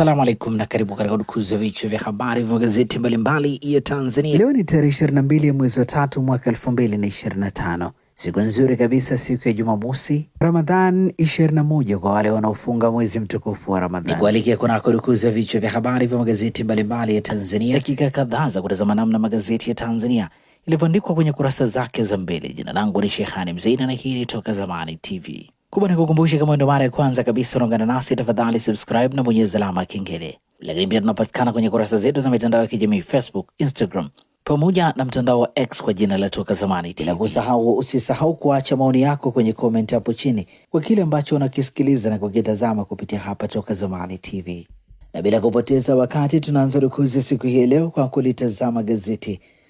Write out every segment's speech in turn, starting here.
Assalamu alaikum na karibu katika udukuzi ya vichwa vya habari vya magazeti mbalimbali ya Tanzania. Leo ni tarehe 22 ya mwezi wa tatu mwaka 2025, siku nzuri kabisa, siku ya Jumamosi, Ramadhan 21 kwa wale wanaofunga mwezi mtukufu wa Ramadhan. Nikualike kunako dukuzi ya vichwa vya habari vya magazeti mbalimbali ya Tanzania, dakika kadhaa za kutazama namna magazeti ya Tanzania ilivyoandikwa kwenye kurasa zake za mbele. Jina langu ni Shehani Mzeina na hii ni Toka Zamani TV. Kubwa ni kukumbusha, kama ndio mara ya kwanza kabisa unaungana nasi, tafadhali subscribe na bonyeza alama kengele. Lakini pia tunapatikana kwenye kurasa zetu za mitandao ya kijamii Facebook, Instagram pamoja na mtandao wa X kwa jina la Toka Zamani. Bila kusahau, usisahau kuacha maoni yako kwenye komenti hapo chini kwa kile ambacho unakisikiliza na kukitazama kupitia hapa Toka Zamani TV, na bila kupoteza wakati tunaanza rukuzi siku hii leo kwa kulitazama gazeti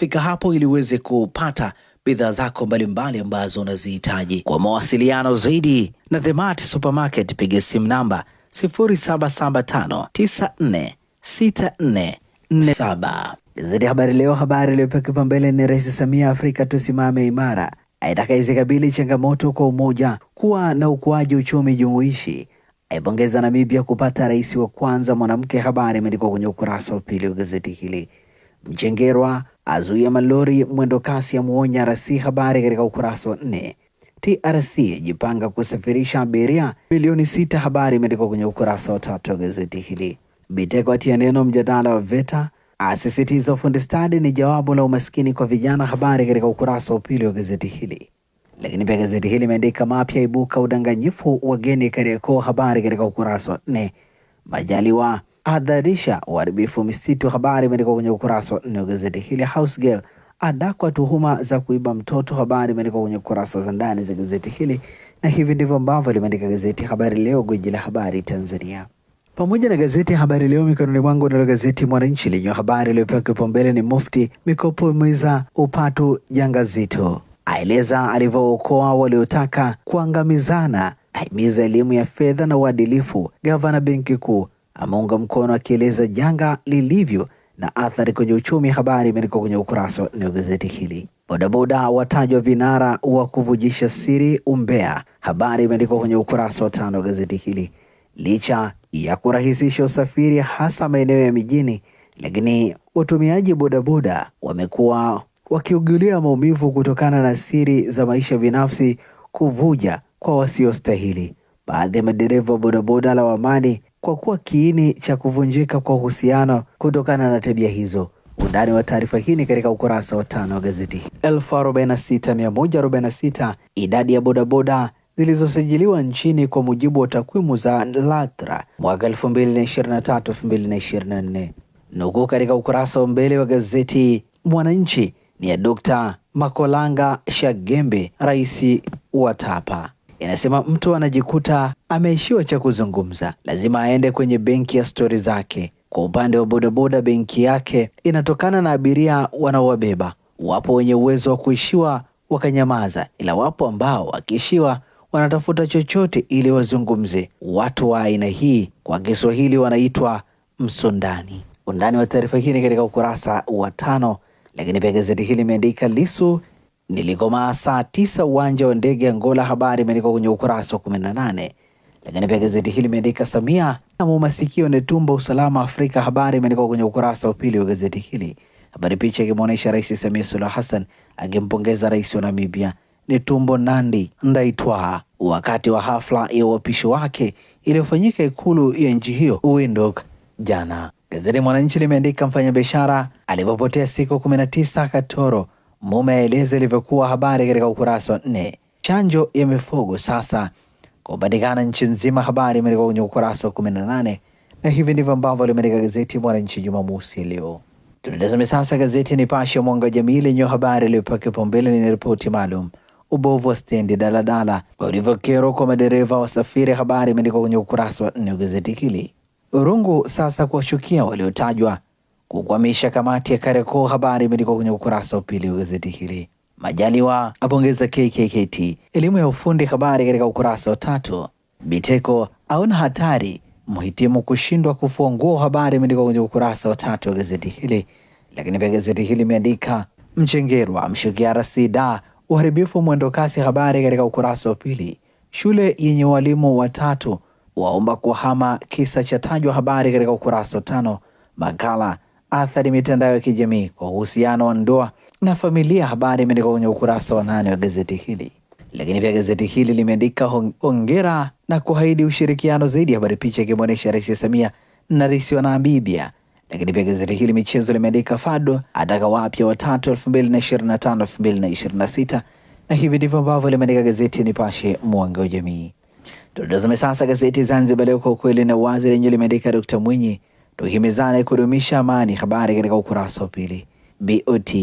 Fika hapo ili uweze kupata bidhaa zako mbalimbali ambazo unazihitaji. Kwa mawasiliano zaidi na The Mart Supermarket, piga simu namba 0775946447. Gazeti Habari Leo, habari iliyopewa kipaumbele ni Rais Samia, Afrika tusimame imara, izikabili changamoto kwa umoja, kuwa na ukuaji uchumi jumuishi aipongeza Namibia kupata rais wa kwanza mwanamke. Habari imeandikwa kwenye ukurasa wa pili wa gazeti hili. Mchengerwa azuia malori mwendo kasi, amwonya RC. Habari katika ukurasa wa nne. TRC yajipanga kusafirisha abiria milioni sita. Habari imeandikwa kwenye ukurasa wa tatu wa gazeti hili. Biteko atia neno mjadala wa VETA, asisitiza ufundi stadi ni jawabu la umaskini kwa vijana. Habari katika ukurasa wa pili wa gazeti hili. Lakini pia gazeti hili imeandika mapya ibuka udanganyifu wageni Kariakoo. Habari katika ukurasa wa nne. Majaliwa adharisha uharibifu misitu. Habari imeandikwa kwenye ukurasa wa nne wa gazeti hili. House girl adakwa tuhuma za kuiba mtoto. Habari imeandikwa kwenye kurasa za ndani za gazeti hili, na hivi ndivyo ambavyo limeandika gazeti Habari Leo, gwiji la habari Tanzania, pamoja na gazeti Habari Leo mikononi mwangu. Nalo gazeti Mwananchi lenye habari iliyopewa kipaumbele ni Mufti, mikopo imeza upatu janga zito, aeleza alivyookoa waliotaka kuangamizana, ahimiza elimu ya fedha na uadilifu. Gavana Benki Kuu ameunga mkono akieleza janga lilivyo na athari kwenye uchumi. Habari imeandikwa kwenye ukurasa wa gazeti hili. Bodaboda watajwa vinara wa kuvujisha siri umbea. Habari imeandikwa kwenye ukurasa wa tano wa gazeti hili. Licha ya kurahisisha usafiri hasa maeneo ya mijini, lakini watumiaji bodaboda wamekuwa wakiugulia maumivu kutokana na siri za maisha binafsi kuvuja kwa wasiostahili. Baadhi ya madereva bodaboda la wamani kwa kuwa kiini cha kuvunjika kwa uhusiano kutokana na tabia hizo. Undani wa taarifa hii ni katika ukurasa wa tano wa gazeti. 46146 idadi ya bodaboda zilizosajiliwa nchini kwa mujibu wa takwimu za LATRA mwaka 2023 2024. Nukuu katika ukurasa wa mbele wa gazeti Mwananchi ni ya Dr. Makolanga Shagembe, rais wa Tapa inasema mtu anajikuta ameishiwa cha kuzungumza, lazima aende kwenye benki ya stori zake. Kwa upande wa bodaboda, benki yake inatokana na abiria wanaowabeba. Wapo wenye uwezo wa kuishiwa wakanyamaza, ila wapo ambao wakiishiwa wanatafuta chochote ili wazungumze. Watu wa aina hii kwa Kiswahili wanaitwa msondani. Undani wa taarifa hii ni katika ukurasa wa tano. Lakini pia gazeti hili limeandika Lisu nilikoma saa tisa uwanja wa ndege Angola. Habari imeandikwa kwenye ukurasa wa kumi na nane. Lakini pia gazeti hili limeandika Samia mumasikio tumba usalama Afrika. Habari imeandikwa kwenye ukurasa wa pili wa gazeti hili, habari picha ikimwonyesha Rais Samia Suluhu Hassan akimpongeza rais wa Namibia tumbo Nandi Ndaitwah wakati wa hafla ya uapishi wake iliyofanyika ikulu ya nchi hiyo Windhoek jana. Gazeti Mwananchi limeandika mfanyabiashara alipopotea siku kumi na tisa Katoro Mume aeleza ilivyokuwa habari katika ukurasa wa nne. Chanjo ya mifugo sasa kupatikana nchi nzima, habari imeandikwa kwenye ukurasa wa kumi na nane na hivi ndivyo ambavyo limeandika gazeti Mwananchi Jumamosi leo. Tunatazame sasa gazeti Nipashe ya Mwanga wa Jamii lenye habari iliyopewa kipaumbele ni ripoti maalum ubovu wa stendi daladala ulivyokerwa kwa madereva wasafiri, habari imeandikwa kwenye ukurasa wa nne wa gazeti hili. Rungu sasa kuwashukia waliotajwa kukwamisha kamati ya Kariakoo. Habari imeandikwa kwenye ukurasa wa pili wa gazeti hili. Majaliwa apongeza KKKT elimu ya ufundi, habari katika ukurasa wa tatu. Biteko aona hatari mhitimu kushindwa kufua nguo, habari imeandikwa kwenye ukurasa wa tatu wa gazeti hili. Lakini pia gazeti hili imeandika Mchengerwa amshukia rasi da uharibifu wa kasi, habari katika ukurasa wa pili. Shule yenye walimu watatu waomba kuhama, kisa cha tajwa, habari katika ukurasa wa tano. Makala athari mitandao ya kijamii kwa uhusiano wa ndoa na familia. Habari imeandikwa kwenye ukurasa wa nane wa gazeti hili. Lakini pia gazeti hili limeandika hongera na kuahidi ushirikiano zaidi, habari picha ikimwonyesha Rais Samia na rais wa Namibia. Lakini pia gazeti hili michezo limeandika Fado ataka wapya watatu elfu mbili na ishirini na tano elfu mbili na ishirini na sita na hivi ndivyo ambavyo limeandika gazeti Nipashe mwanga wa jamii. Tutazame sasa gazeti Zanzibar Leo, kwa ukweli na uwazi, lenyewe limeandika Dkt Mwinyi Tuhimizane kudumisha amani. Habari katika ukurasa wa pili. BOT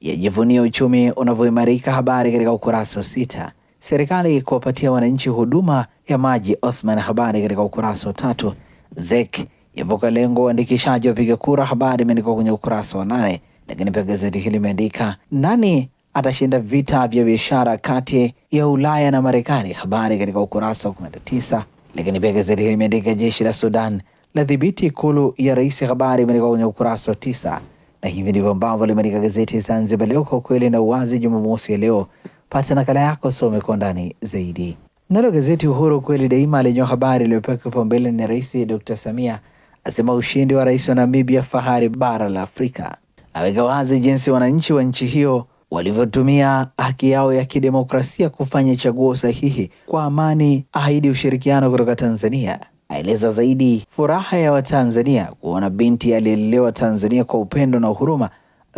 yajivunia uchumi unavyoimarika. Habari katika ukurasa wa sita. Serikali kuwapatia wananchi huduma ya maji Othman. Habari katika ukurasa wa tatu. ZEC yavuka lengo uandikishaji wapiga kura. Habari imeandikwa kwenye ukurasa wa nane. Lakini pia gazeti hili limeandika nani atashinda vita vya biashara kati ya Ulaya na Marekani. Habari katika ukurasa wa kumi na tisa. Lakini pia gazeti hili limeandika jeshi la Sudan la dhibiti ikulu ya rais, habari imeandikwa kwenye ukurasa wa tisa. Na hivi ndivyo ambavyo limeandika gazeti Zanzibar Leo, kwa ukweli na uwazi, Jumamosi ya leo. Pata nakala yako, some kwa ndani zaidi. Nalo gazeti Uhuru kweli daima lenye habari iliyopewa kipaumbele ni Rais Dr Samia asema ushindi wa rais wa Namibia fahari bara la Afrika, aweka wazi jinsi wananchi wa nchi hiyo walivyotumia haki yao ya kidemokrasia kufanya chaguo sahihi kwa amani, ahidi ushirikiano kutoka Tanzania aeleza zaidi furaha ya Watanzania kuona binti aliyelelewa Tanzania kwa upendo na huruma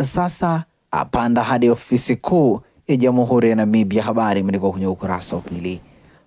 sasa apanda hadi ofisi kuu ya Jamhuri ya Namibia. Habari imeandikwa kwenye ukurasa wa pili.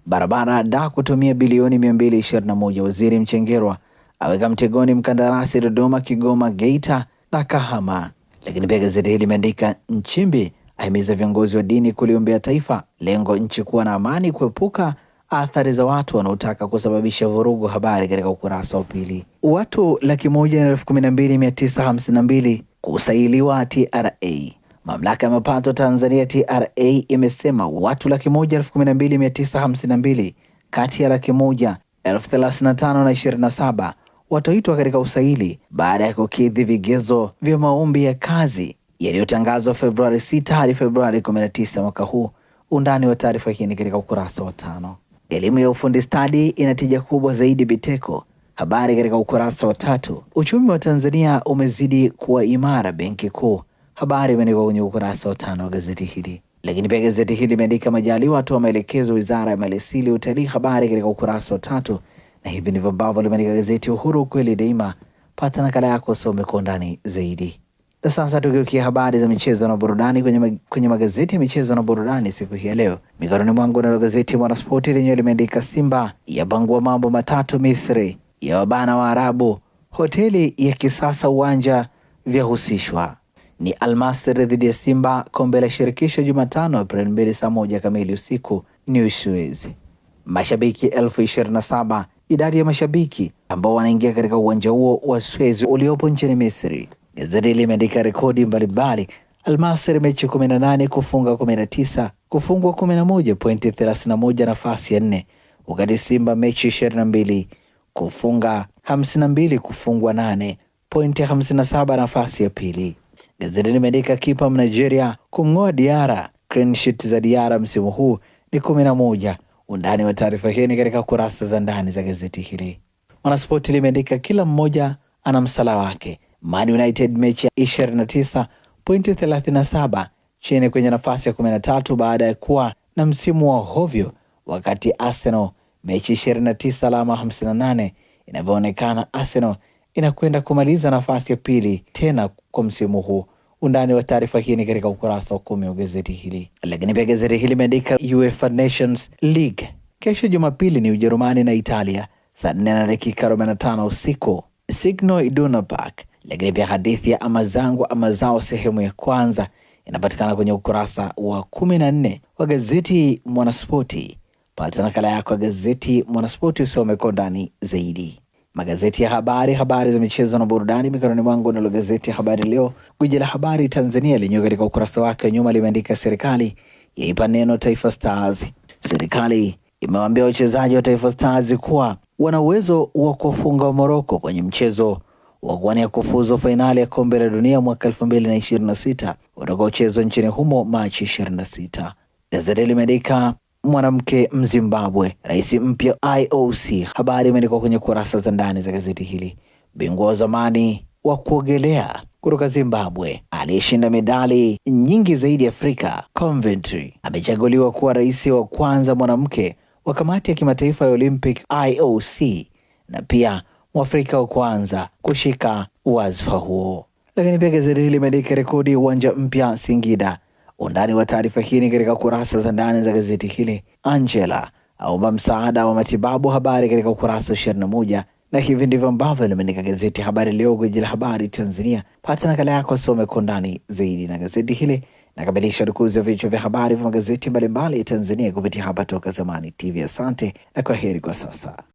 Barabara da kutumia bilioni 221 Waziri Mchengerwa aweka mtegoni mkandarasi Dodoma, Kigoma, Geita na Kahama. Lakini pia gazeti hili limeandika Nchimbi ahimiza viongozi wa dini kuliombea taifa, lengo nchi kuwa na amani, kuepuka athari za watu wanaotaka kusababisha vurugu. Habari katika ukurasa wa pili. Watu laki moja na elfu kumi na mbili mia tisa hamsini na mbili kusailiwa TRA. Mamlaka ya mapato Tanzania TRA imesema watu laki moja elfu kumi na mbili mia tisa hamsini na mbili kati ya laki moja elfu thelathini na tano na ishirini na saba wataitwa katika usaili baada ya kukidhi vigezo vya maombi ya kazi yaliyotangazwa Februari 6 hadi Februari 19 mwaka huu. Undani wa taarifa hii ni katika ukurasa wa tano. Elimu ya ufundi stadi ina tija kubwa zaidi Biteko. Habari katika ukurasa wa tatu. Uchumi wa Tanzania umezidi kuwa imara benki kuu. Habari imeandikwa kwenye ukurasa wa tano wa gazeti hili. Lakini pia gazeti hili limeandika Majaliwa atoa maelekezo wizara ya malisili utalii. Habari katika ukurasa wa tatu, na hivi ndivyo ambavyo limeandika gazeti Uhuru, ukweli daima. Pata nakala yako, some kwa undani zaidi. Na sasa tukiukia habari za michezo na burudani kwenye, mag kwenye magazeti ya michezo na burudani siku hii ya leo, mikononi mwangu na gazeti Mwanaspoti lenyewe limeandika Simba yabangua mambo matatu Misri, ya wabana wa Arabu, hoteli ya kisasa uwanja vyahusishwa. Ni Almasri dhidi ya Simba, kombe la shirikisho Jumatano Aprili mbili saa moja kamili usiku New Suez. Mashabiki elfu ishirini na saba idadi ya mashabiki ambao wanaingia katika uwanja huo wa Suez uliopo nchini Misri. Gazeti limeandika rekodi mbalimbali. Almasri mechi 18 kufunga 19, kufungwa 11, pointi 31, nafasi ya nne, wakati Simba mechi 22 kufunga 52, kufungwa 8, pointi 57, nafasi ya pili. Gazeti limeandika kipa Mnigeria kumng'oa Diara, clean sheet za Diara msimu huu ni 11. Undani wa taarifa hii ni katika kurasa za ndani za gazeti hili. Mwanaspoti limeandika kila mmoja ana msala wake Man United mechi ya 29 pointi 37 chini kwenye nafasi ya 13 baada ya kuwa na msimu wa hovyo, wakati Arsenal mechi 29 alama 58. Inavyoonekana Arsenal inakwenda kumaliza nafasi ya pili tena kwa msimu huu. Undani wa taarifa hii ni katika ukurasa wa kumi wa gazeti hili. Lakini pia gazeti hili imeandika UEFA Nations League kesho Jumapili ni Ujerumani na Italia saa 4 na dakika 45 usiku. Signo Iduna Park. Lakini pia hadithi ya ama zangu ama zao sehemu ya kwanza inapatikana kwenye ukurasa wa kumi na nne wa gazeti Mwanaspoti. Pata nakala yako ya gazeti Mwanaspoti usome ndani zaidi. Magazeti ya habari, habari za michezo na burudani mikononi mwangu. Nalo gazeti ya Habari Leo, gwiji la habari Tanzania, lenyewe katika ukurasa wake wa nyuma limeandika serikali yaipa neno Taifa Stars. Serikali imewaambia wachezaji wa Taifa Stars kuwa wana uwezo wa kuwafunga Moroko kwenye mchezo wa kuwania kufuzu fainali ya kombe la dunia mwaka 2026 utakaochezwa nchini humo Machi 26. Gazeti limeandika mwanamke Mzimbabwe, rais mpya IOC. Habari imeandikwa kwenye kurasa za ndani za gazeti hili. Bingwa wa zamani wa kuogelea kutoka Zimbabwe aliyeshinda medali nyingi zaidi Afrika, Coventry, amechaguliwa kuwa rais wa kwanza mwanamke wa kamati ya kimataifa ya Olympic IOC na pia Mwafrika wa kwanza kushika wadhifa huo. Lakini pia gazeti hili limeandika rekodi uwanja mpya Singida. Undani wa taarifa hii ni katika kurasa za ndani za gazeti hili. Angela aomba msaada wa matibabu, habari katika ukurasa ishirini na moja na hivi ndivyo ambavyo limeandika gazeti Habari Leo, gwiji la habari Tanzania. Pata nakala yako, some kwa undani zaidi na gazeti hili. Nakamilisha rukuzi ya vichwa vya habari vya magazeti mbalimbali ya Tanzania kupitia hapa Toka Zamani TV. Asante na kwa heri kwa sasa.